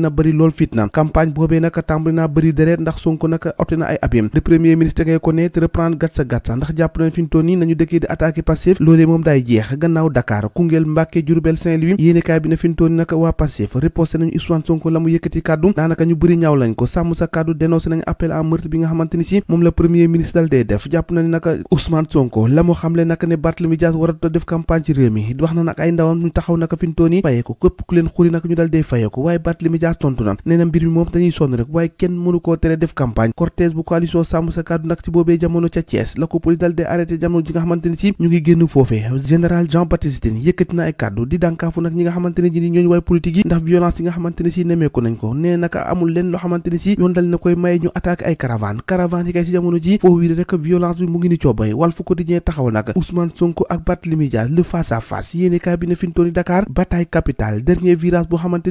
dina bëri lool fitna campagne boobee naka tàmbali naa bëri deret ndax Sonko naka otti na ay abim le premier ministre dal dee def jàpp na ni naka Ousmane Sonko la mu xamle naka ne Barthélémy Dias waratu def campagne ci réew mi wax na nag ay ndawam ñu taxaw naka fi mu toll nii ku leen xuri naka ñu dal dee fayeeku waaye Barthélémy médias tontu na nee mbir mi moom dañuy sonn rek waaye kenn mënu koo tere def campagne cortège bu coalition sàmm sa kàddu nag ci boobee jamono ca Thiès la ne ci ñu nag ñi amul leen loo xamante ne yoon dal na koy maye ñu attaqué ay caravane caravane yi kay si jamono ji foofu wii rek violence bi mu ngi ni coobay Walf Quotidien taxaw nag Ousmane Sonko ak Barthélémy Dias le face à face yéene bi ne fintooni Dakar bataille capitale dernier virage boo xamante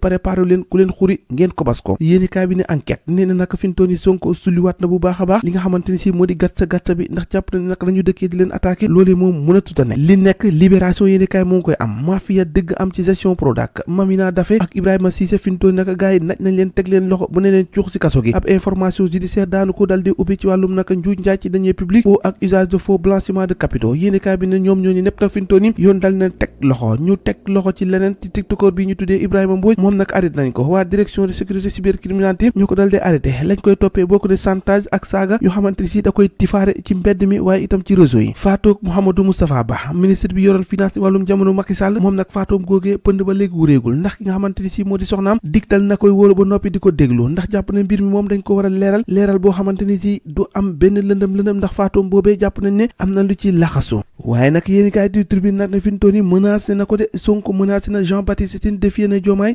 préparé leen ku leen xuri ngeen kobas ko yéeni kaay bi ne enquête nee na naka fintoon yi Sonko suliwaat na bu baax a baax li nga xamante ni si moo di gàtta gàtta bi ndax jàpp na ne naka la ñu dëkkee di leen attaqué loolee moom mën a tuta ne li nekk libération yéeni kaay moo naka gars yi naj leen teg leen loxo bu ne leen cuux si kaso gi ab information judiciaire daanu ko dal di ubbi ci wàllum naka njuuj njaaj ci dañee public faux ak usage de faux blanchiment ñu teg loxo ci leneen moom nag arrêté faatoom góogee pënd ba léegi wuréegul ndax ki nga xamante ni moo di soxnaam digtal na koy wóolu ba noppi di ko déglu ndax jàpp ne mbir mi moom dañ ko war a leeral leeral boo xamante ni du am benn lëndëm lëndëm ndax faatoom boobee jàpp nañ ne am na lu ci laxasu waaye nag yéen i kaay nag ne fi mu toll na ko de Sonko menacé na Jean Baptiste Tine défié na Diomaye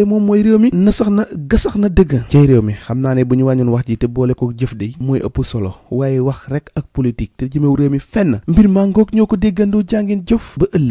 loolee moom mooy réew mi na sax na gasax na dëgg cay réew mi xam naa ne bu ñu wàññoon wax ji te boole ko jëf de mooy ëpp solo waaye wax rek ak politique te jëmew réew mi fenn mbir maa ngoog ñoo ko déggandoo jàngeen jëf ba ëllëg